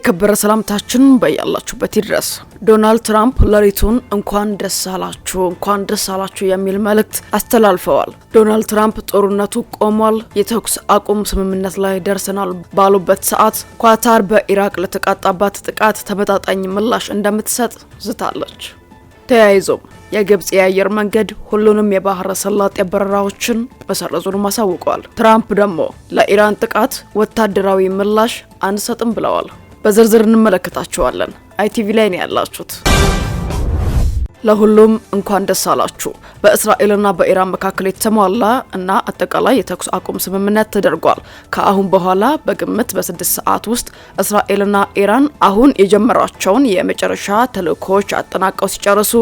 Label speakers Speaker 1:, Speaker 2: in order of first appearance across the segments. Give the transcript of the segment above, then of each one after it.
Speaker 1: የከበረ ሰላምታችን በያላችሁበት ይድረስ። ዶናልድ ትራምፕ ሌሊቱን እንኳን ደስ አላችሁ እንኳን ደስ አላችሁ የሚል መልእክት አስተላልፈዋል። ዶናልድ ትራምፕ ጦርነቱ ቆሟል፣ የተኩስ አቁም ስምምነት ላይ ደርሰናል ባሉበት ሰዓት ኳታር በኢራቅ ለተቃጣባት ጥቃት ተመጣጣኝ ምላሽ እንደምትሰጥ ዝታለች። ተያይዞም የግብፅ የአየር መንገድ ሁሉንም የባህረ ሰላጤ በረራዎችን መሰረዙንም አሳውቀዋል። ትራምፕ ደግሞ ለኢራን ጥቃት ወታደራዊ ምላሽ አንሰጥም ብለዋል። በዝርዝር እንመለከታቸዋለን አይቲቪ ላይ ነው ያላችሁት። ለሁሉም እንኳን ደስ አላችሁ። በእስራኤልና በኢራን መካከል የተሟላ እና አጠቃላይ የተኩስ አቁም ስምምነት ተደርጓል። ከአሁን በኋላ በግምት በስድስት ሰዓት ውስጥ እስራኤልና ኢራን አሁን የጀመሯቸውን የመጨረሻ ተልእኮዎች አጠናቀው ሲጨርሱ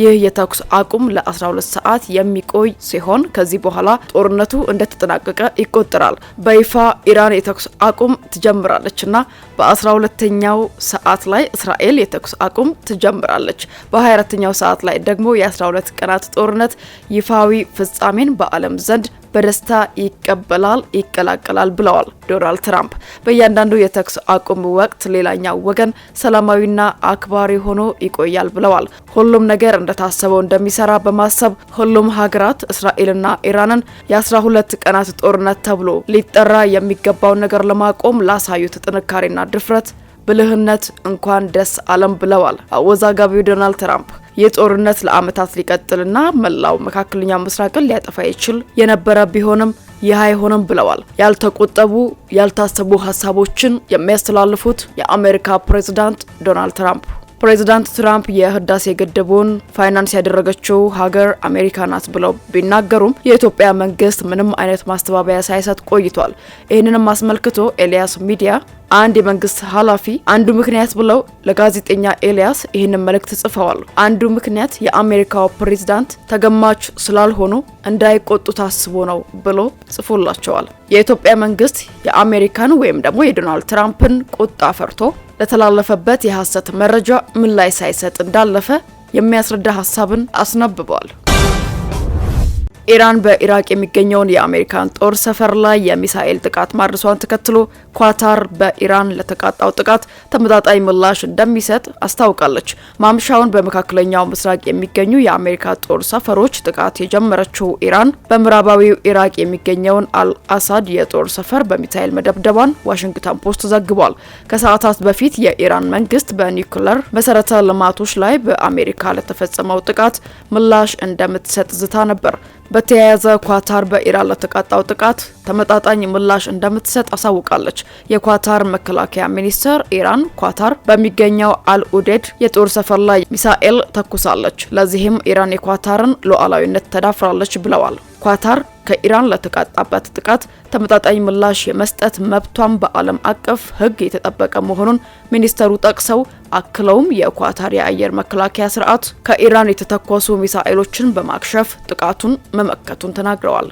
Speaker 1: ይህ የተኩስ አቁም ለ12 ሰዓት የሚቆይ ሲሆን ከዚህ በኋላ ጦርነቱ እንደተጠናቀቀ ይቆጠራል። በይፋ ኢራን የተኩስ አቁም ትጀምራለች እና በ12ተኛው ሰዓት ላይ እስራኤል የተኩስ አቁም ትጀምራለች። በ24ተኛው ሰዓት ላይ ደግሞ የ12 ቀናት ጦርነት ይፋዊ ፍጻሜን በዓለም ዘንድ በደስታ ይቀበላል፣ ይቀላቀላል ብለዋል ዶናልድ ትራምፕ። በእያንዳንዱ የተኩስ አቁም ወቅት ሌላኛው ወገን ሰላማዊና አክባሪ ሆኖ ይቆያል ብለዋል። ሁሉም ነገር እንደታሰበው እንደሚሰራ በማሰብ ሁሉም ሀገራት እስራኤልና ኢራንን የአስራ ሁለት ቀናት ጦርነት ተብሎ ሊጠራ የሚገባውን ነገር ለማቆም ላሳዩት ጥንካሬና ድፍረት ብልህነት እንኳን ደስ አለም ብለዋል አወዛጋቢው ዶናልድ ትራምፕ። የጦርነት ለአመታት ሊቀጥልና መላው መካከለኛ ምስራቅን ሊያጠፋ ይችል የነበረ ቢሆንም ይህ አይሆንም ብለዋል። ያልተቆጠቡ ያልታሰቡ ሀሳቦችን የሚያስተላልፉት የአሜሪካ ፕሬዝዳንት ዶናልድ ትራምፕ ፕሬዚዳንት ትራምፕ የህዳሴ ግድቡን ፋይናንስ ያደረገችው ሀገር አሜሪካ ናት ብለው ቢናገሩም የኢትዮጵያ መንግስት ምንም አይነት ማስተባበያ ሳይሰጥ ቆይቷል። ይህንንም አስመልክቶ ኤልያስ ሚዲያ አንድ የመንግስት ኃላፊ አንዱ ምክንያት ብለው ለጋዜጠኛ ኤልያስ ይህንን መልእክት ጽፈዋል። አንዱ ምክንያት የአሜሪካው ፕሬዝዳንት ተገማች ስላልሆኑ እንዳይቆጡ ታስቦ ነው ብሎ ጽፎላቸዋል። የኢትዮጵያ መንግስት የአሜሪካን ወይም ደግሞ የዶናልድ ትራምፕን ቁጣ ፈርቶ ለተላለፈበት የሐሰት መረጃ ምላሽ ሳይሰጥ እንዳለፈ የሚያስረዳ ሀሳብን አስነብቧል። ኢራን በኢራቅ የሚገኘውን የአሜሪካን ጦር ሰፈር ላይ የሚሳኤል ጥቃት ማድረሷን ተከትሎ ኳታር በኢራን ለተቃጣው ጥቃት ተመጣጣኝ ምላሽ እንደሚሰጥ አስታውቃለች። ማምሻውን በመካከለኛው ምስራቅ የሚገኙ የአሜሪካ ጦር ሰፈሮች ጥቃት የጀመረችው ኢራን በምዕራባዊው ኢራቅ የሚገኘውን አልአሳድ የጦር ሰፈር በሚሳኤል መደብደቧን ዋሽንግተን ፖስት ዘግቧል። ከሰዓታት በፊት የኢራን መንግስት በኒውክለር መሰረተ ልማቶች ላይ በአሜሪካ ለተፈጸመው ጥቃት ምላሽ እንደምትሰጥ ዝታ ነበር። በተያያዘ ኳታር በኢራን ለተቃጣው ጥቃት ተመጣጣኝ ምላሽ እንደምትሰጥ አሳውቃለች። የኳታር መከላከያ ሚኒስትር ኢራን ኳታር በሚገኘው አልኡዴድ የጦር ሰፈር ላይ ሚሳኤል ተኩሳለች፣ ለዚህም ኢራን የኳታርን ሉዓላዊነት ተዳፍራለች ብለዋል። ኳታር ከኢራን ለተቃጣበት ጥቃት ተመጣጣኝ ምላሽ የመስጠት መብቷን በዓለም አቀፍ ሕግ የተጠበቀ መሆኑን ሚኒስተሩ ጠቅሰው አክለውም የኳታር የአየር መከላከያ ስርዓት ከኢራን የተተኮሱ ሚሳኤሎችን በማክሸፍ ጥቃቱን መመከቱን ተናግረዋል።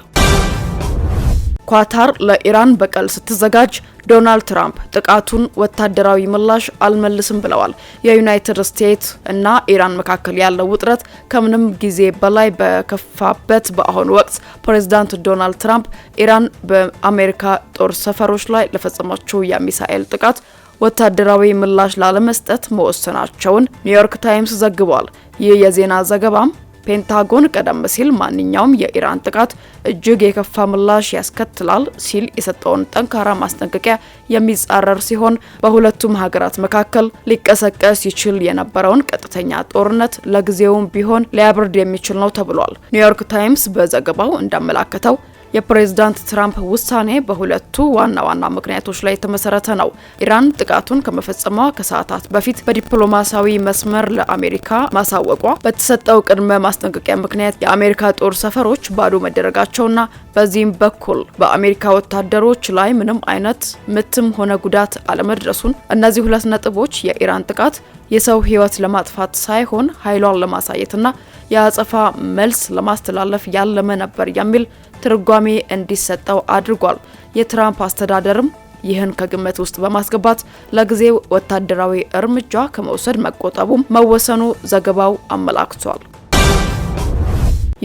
Speaker 1: ኳታር ለኢራን በቀል ስትዘጋጅ ዶናልድ ትራምፕ ጥቃቱን ወታደራዊ ምላሽ አልመልስም ብለዋል። የዩናይትድ ስቴትስ እና ኢራን መካከል ያለው ውጥረት ከምንም ጊዜ በላይ በከፋበት በአሁኑ ወቅት ፕሬዚዳንት ዶናልድ ትራምፕ ኢራን በአሜሪካ ጦር ሰፈሮች ላይ ለፈጸመችው የሚሳኤል ጥቃት ወታደራዊ ምላሽ ላለመስጠት መወሰናቸውን ኒውዮርክ ታይምስ ዘግቧል። ይህ የዜና ዘገባም ፔንታጎን ቀደም ሲል ማንኛውም የኢራን ጥቃት እጅግ የከፋ ምላሽ ያስከትላል ሲል የሰጠውን ጠንካራ ማስጠንቀቂያ የሚጻረር ሲሆን በሁለቱም ሀገራት መካከል ሊቀሰቀስ ይችል የነበረውን ቀጥተኛ ጦርነት ለጊዜውም ቢሆን ሊያብርድ የሚችል ነው ተብሏል። ኒውዮርክ ታይምስ በዘገባው እንዳመላከተው የፕሬዝዳንት ትራምፕ ውሳኔ በሁለቱ ዋና ዋና ምክንያቶች ላይ የተመሰረተ ነው። ኢራን ጥቃቱን ከመፈጸሟ ከሰዓታት በፊት በዲፕሎማሲያዊ መስመር ለአሜሪካ ማሳወቋ፣ በተሰጠው ቅድመ ማስጠንቀቂያ ምክንያት የአሜሪካ ጦር ሰፈሮች ባዶ መደረጋቸውና በዚህም በኩል በአሜሪካ ወታደሮች ላይ ምንም አይነት ምትም ሆነ ጉዳት አለመድረሱን። እነዚህ ሁለት ነጥቦች የኢራን ጥቃት የሰው ህይወት ለማጥፋት ሳይሆን ኃይሏን ለማሳየትና የአጸፋ መልስ ለማስተላለፍ ያለመ ነበር የሚል ትርጓሜ እንዲሰጠው አድርጓል። የትራምፕ አስተዳደርም ይህን ከግምት ውስጥ በማስገባት ለጊዜው ወታደራዊ እርምጃ ከመውሰድ መቆጠቡም መወሰኑ ዘገባው አመላክቷል።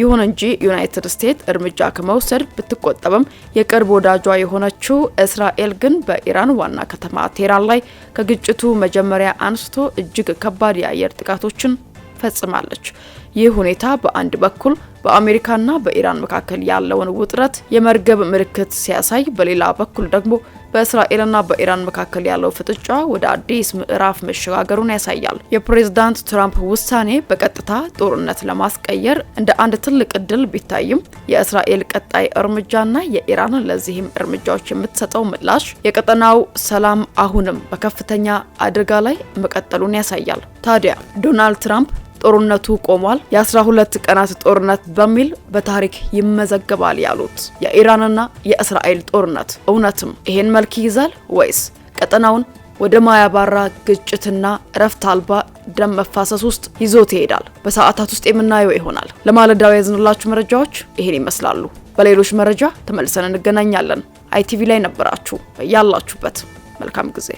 Speaker 1: ይሁን እንጂ ዩናይትድ ስቴትስ እርምጃ ከመውሰድ ብትቆጠብም የቅርብ ወዳጇ የሆነችው እስራኤል ግን በኢራን ዋና ከተማ ቴህራን ላይ ከግጭቱ መጀመሪያ አንስቶ እጅግ ከባድ የአየር ጥቃቶችን ፈጽማለች። ይህ ሁኔታ በአንድ በኩል በአሜሪካና በኢራን መካከል ያለውን ውጥረት የመርገብ ምልክት ሲያሳይ፣ በሌላ በኩል ደግሞ በእስራኤልና በኢራን መካከል ያለው ፍጥጫ ወደ አዲስ ምዕራፍ መሸጋገሩን ያሳያል። የፕሬዝዳንት ትራምፕ ውሳኔ በቀጥታ ጦርነት ለማስቀየር እንደ አንድ ትልቅ እድል ቢታይም የእስራኤል ቀጣይ እርምጃና የኢራን ለዚህም እርምጃዎች የምትሰጠው ምላሽ የቀጠናው ሰላም አሁንም በከፍተኛ አደጋ ላይ መቀጠሉን ያሳያል። ታዲያ ዶናልድ ትራምፕ ጦርነቱ ቆሟል፣ የ12 ቀናት ጦርነት በሚል በታሪክ ይመዘገባል ያሉት የኢራንና የእስራኤል ጦርነት እውነትም ይሄን መልክ ይይዛል ወይስ ቀጠናውን ወደ ማያባራ ግጭትና እረፍት አልባ ደም መፋሰስ ውስጥ ይዞት ይሄዳል? በሰዓታት ውስጥ የምናየው ይሆናል። ለማለዳው ያዝንላችሁ መረጃዎች ይሄን ይመስላሉ። በሌሎች መረጃ ተመልሰን እንገናኛለን። አይቲቪ ላይ ነበራችሁ። ያላችሁበት መልካም ጊዜ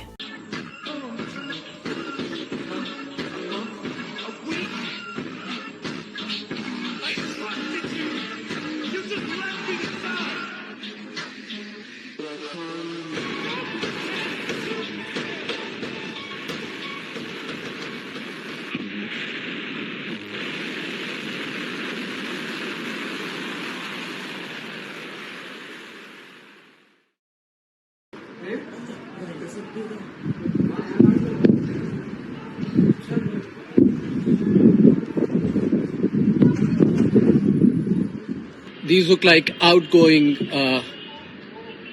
Speaker 1: These look like outgoing uh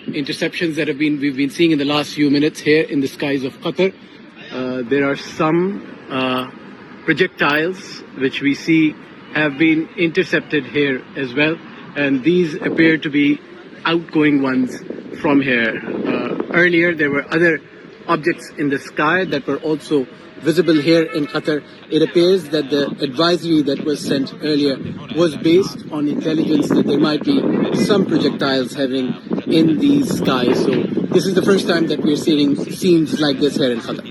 Speaker 1: interceptions that have been we've been seeing in the last few minutes here in the skies of Qatar. Uh, there are some uh, projectiles which we see have been intercepted here as well, and these appear to be outgoing ones from here. Uh, earlier, there were other objects in the sky that were also visible here in Qatar. It appears that the advisory that was sent earlier was based on intelligence that there might be some projectiles having in these skies. So this is the first time that we're seeing scenes like this here in Qatar.